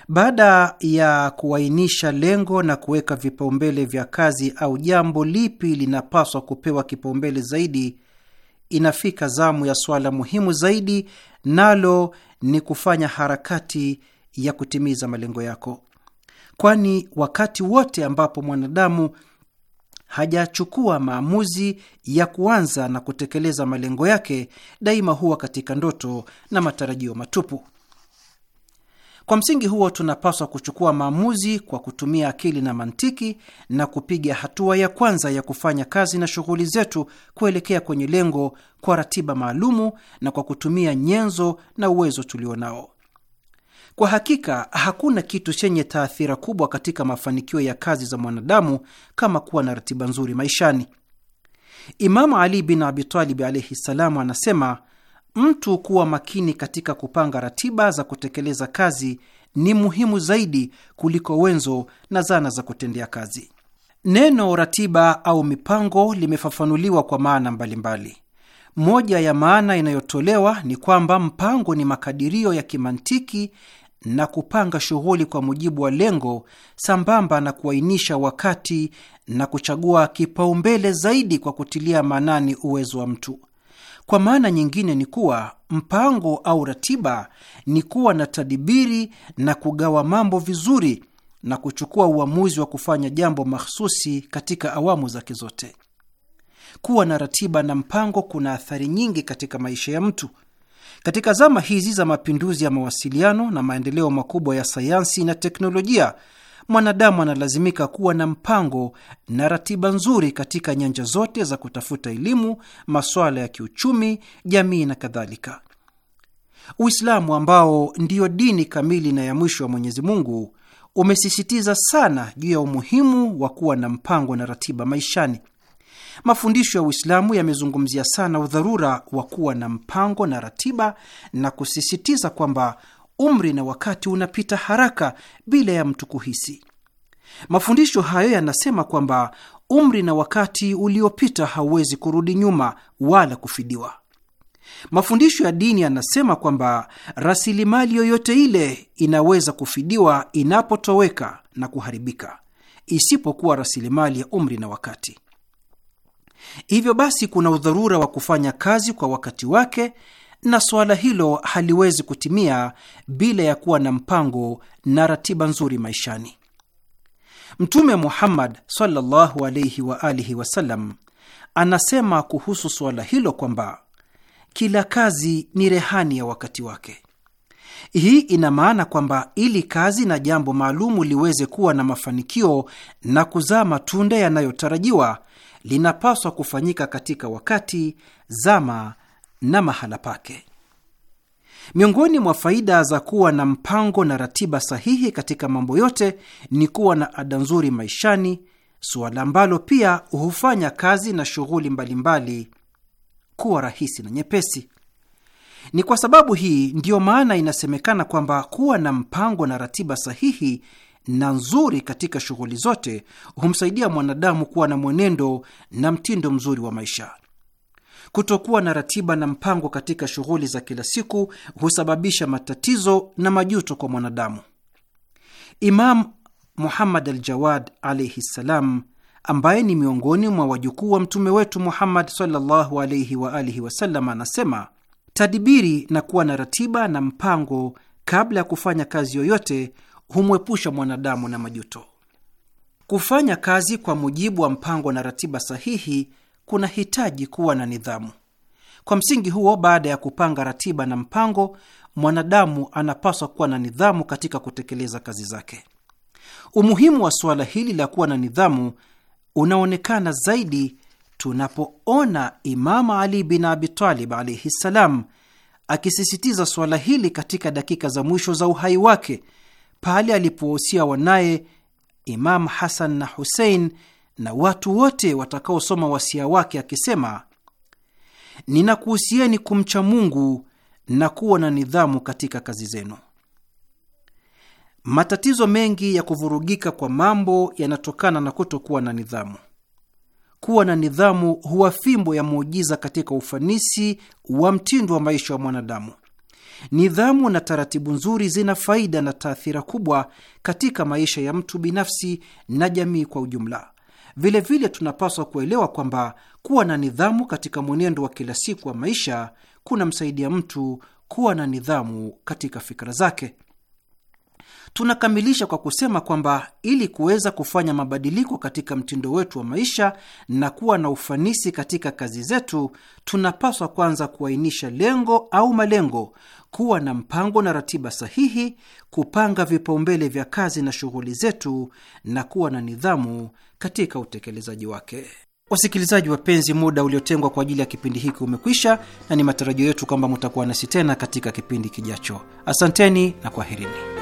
Baada ya kuainisha lengo na kuweka vipaumbele vya kazi au jambo lipi linapaswa kupewa kipaumbele zaidi inafika zamu ya swala muhimu zaidi, nalo ni kufanya harakati ya kutimiza malengo yako, kwani wakati wote ambapo mwanadamu hajachukua maamuzi ya kuanza na kutekeleza malengo yake, daima huwa katika ndoto na matarajio matupu. Kwa msingi huo, tunapaswa kuchukua maamuzi kwa kutumia akili na mantiki na kupiga hatua ya kwanza ya kufanya kazi na shughuli zetu kuelekea kwenye lengo kwa ratiba maalumu na kwa kutumia nyenzo na uwezo tulio nao. Kwa hakika hakuna kitu chenye taathira kubwa katika mafanikio ya kazi za mwanadamu kama kuwa na ratiba nzuri maishani. Imamu Ali bin abitalibi alaihi ssalam anasema mtu kuwa makini katika kupanga ratiba za kutekeleza kazi ni muhimu zaidi kuliko wenzo na zana za kutendea kazi. Neno ratiba au mipango limefafanuliwa kwa maana mbalimbali. Moja ya maana inayotolewa ni kwamba mpango ni makadirio ya kimantiki na kupanga shughuli kwa mujibu wa lengo, sambamba na kuainisha wakati na kuchagua kipaumbele zaidi kwa kutilia maanani uwezo wa mtu. Kwa maana nyingine ni kuwa mpango au ratiba ni kuwa na tadibiri na kugawa mambo vizuri na kuchukua uamuzi wa kufanya jambo mahsusi katika awamu zake zote. Kuwa na ratiba na mpango kuna athari nyingi katika maisha ya mtu. Katika zama hizi za mapinduzi ya mawasiliano na maendeleo makubwa ya sayansi na teknolojia, mwanadamu analazimika kuwa na mpango na ratiba nzuri katika nyanja zote za kutafuta elimu, masuala ya kiuchumi, jamii na kadhalika. Uislamu ambao ndiyo dini kamili na ya mwisho wa Mwenyezi Mungu umesisitiza sana juu ya umuhimu wa kuwa na mpango na ratiba maishani. Mafundisho ya Uislamu yamezungumzia sana udharura wa kuwa na mpango na ratiba na kusisitiza kwamba umri na wakati unapita haraka bila ya mtu kuhisi. Mafundisho hayo yanasema kwamba umri na wakati uliopita hauwezi kurudi nyuma wala kufidiwa. Mafundisho ya dini yanasema kwamba rasilimali yoyote ile inaweza kufidiwa inapotoweka na kuharibika, isipokuwa rasilimali ya umri na wakati. Hivyo basi, kuna udharura wa kufanya kazi kwa wakati wake na suala hilo haliwezi kutimia bila ya kuwa na mpango na ratiba nzuri maishani. Mtume Muhammad sallallahu alaihi wa alihi wasallam anasema kuhusu suala hilo kwamba kila kazi ni rehani ya wakati wake. Hii ina maana kwamba ili kazi na jambo maalumu liweze kuwa na mafanikio na kuzaa matunda yanayotarajiwa linapaswa kufanyika katika wakati, zama na mahala pake. Miongoni mwa faida za kuwa na mpango na ratiba sahihi katika mambo yote ni kuwa na ada nzuri maishani, suala ambalo pia hufanya kazi na shughuli mbalimbali kuwa rahisi na nyepesi. Ni kwa sababu hii ndiyo maana inasemekana kwamba kuwa na mpango na ratiba sahihi na nzuri katika shughuli zote humsaidia mwanadamu kuwa na mwenendo na mtindo mzuri wa maisha. Kutokuwa na ratiba na mpango katika shughuli za kila siku husababisha matatizo na majuto kwa mwanadamu. Imam Muhammad al-Jawad alaihi ssalam, ambaye ni miongoni mwa wajukuu wa mtume wetu Muhammad sallallahu alaihi wa alihi wasallam, anasema tadibiri na kuwa na ratiba na mpango kabla ya kufanya kazi yoyote humwepusha mwanadamu na majuto. Kufanya kazi kwa mujibu wa mpango na ratiba sahihi kunahitaji kuwa na nidhamu. Kwa msingi huo, baada ya kupanga ratiba na mpango, mwanadamu anapaswa kuwa na nidhamu katika kutekeleza kazi zake. Umuhimu wa suala hili la kuwa na nidhamu unaonekana zaidi tunapoona Imama Ali bin Abi Talib alaihi ssalam akisisitiza suala hili katika dakika za mwisho za uhai wake pale alipowahusia wanaye Imam Hasan na Husein na watu wote watakaosoma wasia wake akisema, ninakuhusieni kumcha Mungu na kuwa na nidhamu katika kazi zenu. Matatizo mengi ya kuvurugika kwa mambo yanatokana na kutokuwa na nidhamu. Kuwa na nidhamu huwa fimbo ya muujiza katika ufanisi wa mtindo wa maisha wa mwanadamu. Nidhamu na taratibu nzuri zina faida na taathira kubwa katika maisha ya mtu binafsi na jamii kwa ujumla. Vilevile vile tunapaswa kuelewa kwamba kuwa na nidhamu katika mwenendo wa kila siku wa maisha kunamsaidia mtu kuwa na nidhamu katika fikra zake. Tunakamilisha kwa kusema kwamba ili kuweza kufanya mabadiliko katika mtindo wetu wa maisha na kuwa na ufanisi katika kazi zetu, tunapaswa kwanza kuainisha lengo au malengo, kuwa na mpango na ratiba sahihi, kupanga vipaumbele vya kazi na shughuli zetu, na kuwa na nidhamu katika utekelezaji wake. Wasikilizaji wapenzi, muda uliotengwa kwa ajili ya kipindi hiki umekwisha, na ni matarajio yetu kwamba mutakuwa nasi tena katika kipindi kijacho. Asanteni na kwaherini.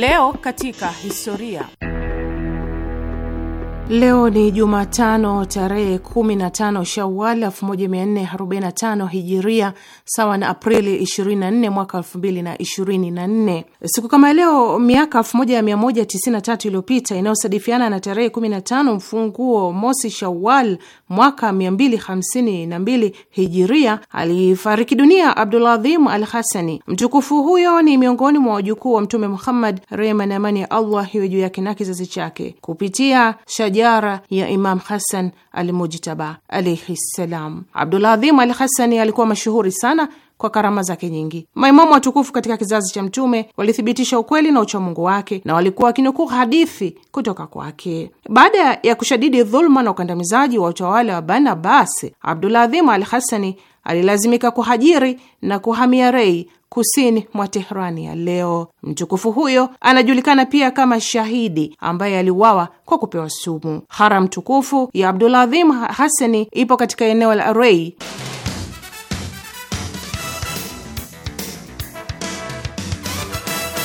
Leo katika historia. Leo ni Jumatano tarehe 15 Shawal 1445 Hijiria, sawa na Aprili 24 mwaka 2024. Siku kama leo miaka 1193 iliyopita inayosadifiana na tarehe 15 mfunguo mosi Shawal mwaka 252 hijiria alifariki dunia Abduladhim al Hasani. Mtukufu huyo ni miongoni mwa wajukuu wa Mtume Muhammad, rehma na amani ya Allah iwe juu yake na kizazi chake, kupitia shajara ya Imam Hasan al Mujtaba alaihi ssalam. Abduladhim al Hasani alikuwa mashuhuri sana kwa karama zake nyingi. Maimamu watukufu katika kizazi cha Mtume walithibitisha ukweli na uchamungu wake na walikuwa wakinukuu hadithi kutoka kwake. Baada ya kushadidi dhuluma na ukandamizaji wa utawala wa Bani Abbas, Abduladhim al Hasani alilazimika kuhajiri na kuhamia Rei, kusini mwa Teherani ya leo. Mtukufu huyo anajulikana pia kama shahidi ambaye aliuawa kwa kupewa sumu. Haram tukufu ya Abduladhim Hasani ipo katika eneo la Rei.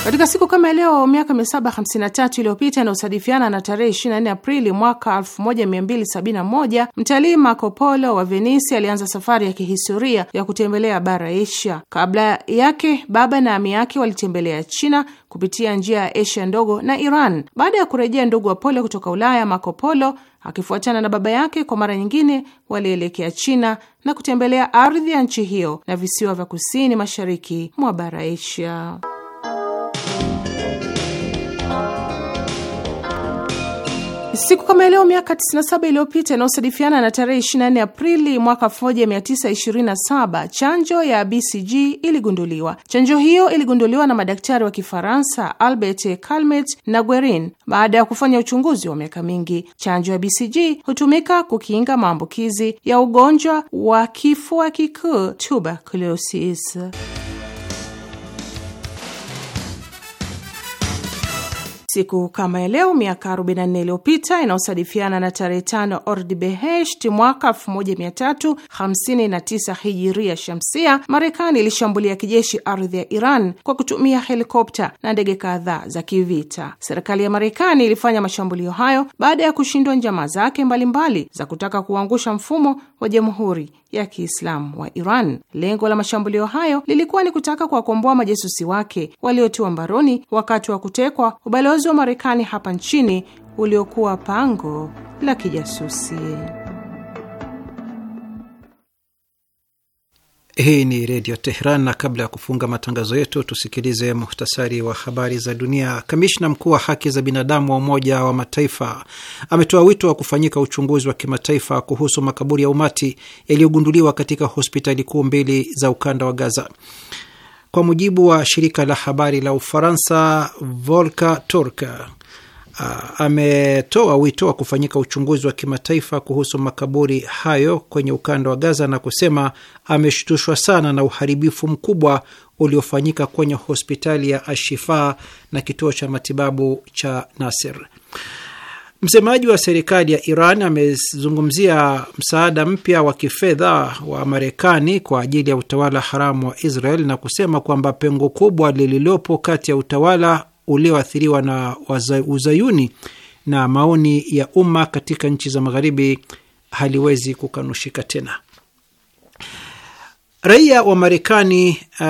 Katika siku kama leo miaka 753 iliyopita inayosadifiana na tarehe 24 Aprili mwaka 1271 mtalii Marco Polo wa Venisi alianza safari ya kihistoria ya kutembelea bara Asia. Kabla yake, baba na ami yake walitembelea China kupitia njia ya Asia ndogo na Iran. Baada ya kurejea ndugu wa Polo kutoka Ulaya, Marco Polo akifuatana na baba yake kwa mara nyingine walielekea China na kutembelea ardhi ya nchi hiyo na visiwa vya kusini mashariki mwa bara Asia. Siku kama leo miaka 97 iliyopita inayosadifiana na tarehe 24 Aprili mwaka 1927 chanjo ya BCG iligunduliwa. Chanjo hiyo iligunduliwa na madaktari wa Kifaransa Albert Calmet na Guerin baada ya kufanya uchunguzi wa miaka mingi. Chanjo ya BCG hutumika kukinga maambukizi ya ugonjwa wa kifua kikuu tuberculosis. Siku kama ya leo miaka 44 iliyopita inayosadifiana na tarehe tano Ordibehesht mwaka 1359 hijiria shamsia, Marekani ilishambulia kijeshi ardhi ya Iran kwa kutumia helikopta na ndege kadhaa za kivita. Serikali ya Marekani ilifanya mashambulio hayo baada ya kushindwa njama zake mbalimbali za kutaka kuangusha mfumo wa jamhuri ya Kiislamu wa Iran. Lengo la mashambulio hayo lilikuwa ni kutaka kuwakomboa majasusi wake waliotiwa mbaroni wakati wa kutekwa ubalozi wa Marekani hapa nchini uliokuwa pango la kijasusi. Hii ni Redio Teheran, na kabla ya kufunga matangazo yetu tusikilize muhtasari wa habari za dunia. Kamishna mkuu wa haki za binadamu wa Umoja wa Mataifa ametoa wito wa kufanyika uchunguzi wa kimataifa kuhusu makaburi ya umati yaliyogunduliwa katika hospitali kuu mbili za ukanda wa Gaza. Kwa mujibu wa shirika la habari la Ufaransa Volka Turk Ah, ametoa wito wa kufanyika uchunguzi wa kimataifa kuhusu makaburi hayo kwenye ukanda wa Gaza na kusema ameshtushwa sana na uharibifu mkubwa uliofanyika kwenye hospitali ya Ashifa na kituo cha matibabu cha Nasir. Msemaji wa serikali ya Iran amezungumzia msaada mpya wa kifedha wa Marekani kwa ajili ya utawala haramu wa Israel na kusema kwamba pengo kubwa lililopo kati ya utawala ulioathiriwa na uzayuni na maoni ya umma katika nchi za magharibi haliwezi kukanushika tena. Raia wa Marekani uh,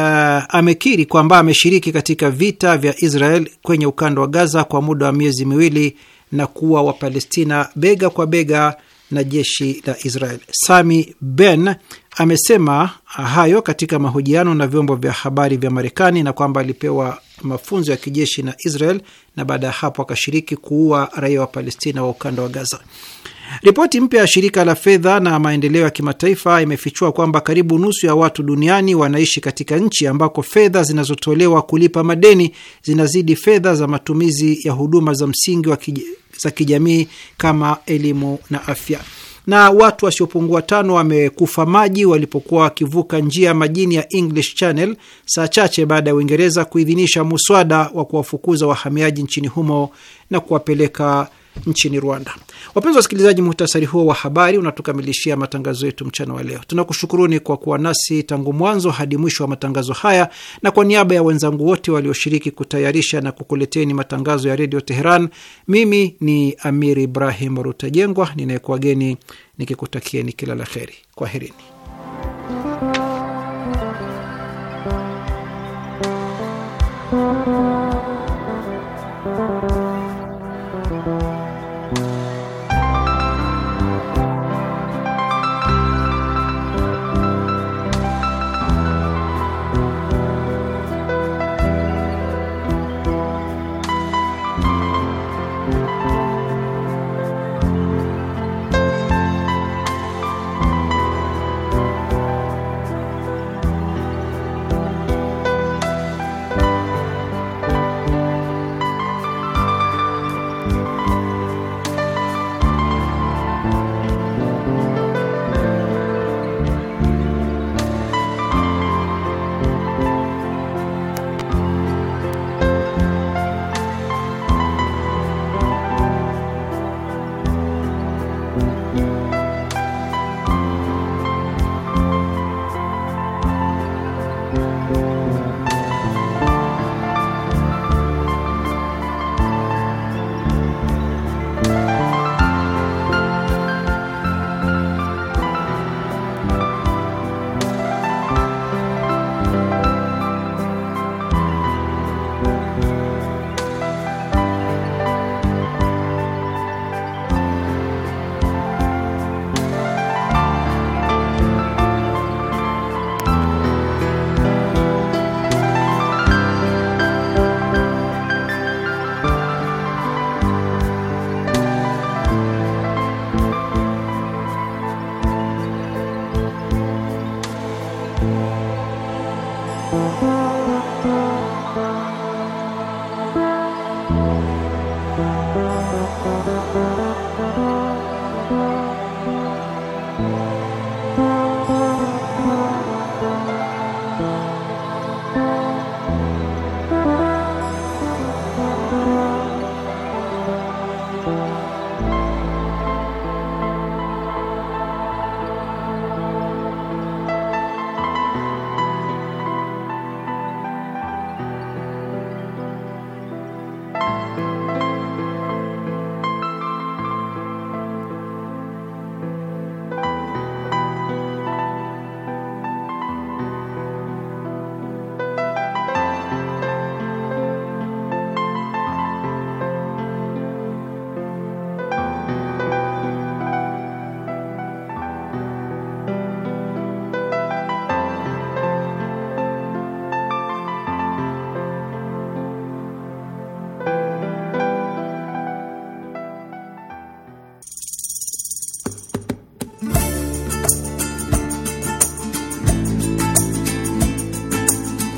amekiri kwamba ameshiriki katika vita vya Israel kwenye ukanda wa Gaza kwa muda wa miezi miwili na kuwa Wapalestina bega kwa bega na jeshi la Israel. Sami Ben amesema hayo katika mahojiano na vyombo vya habari vya Marekani na kwamba alipewa mafunzo ya kijeshi na Israel na baada ya hapo akashiriki kuua raia wa Palestina wa ukanda wa Gaza. Ripoti mpya ya shirika la fedha na maendeleo ya kimataifa imefichua kwamba karibu nusu ya watu duniani wanaishi katika nchi ambako fedha zinazotolewa kulipa madeni zinazidi fedha za matumizi ya huduma za msingi kij za kijamii kama elimu na afya na watu wasiopungua tano wamekufa maji walipokuwa wakivuka njia ya majini ya English Channel saa chache baada ya Uingereza kuidhinisha muswada wa kuwafukuza wahamiaji nchini humo na kuwapeleka nchini Rwanda. Wapenzi wasikilizaji, muhtasari huo wa habari unatukamilishia matangazo yetu mchana wa leo. Tunakushukuruni kwa kuwa nasi tangu mwanzo hadi mwisho wa matangazo haya, na kwa niaba ya wenzangu wote walioshiriki kutayarisha na kukuleteni matangazo ya Redio Teheran, mimi ni Amir Ibrahim Rutajengwa ninayekuwageni nikikutakieni kila la heri. Kwaherini.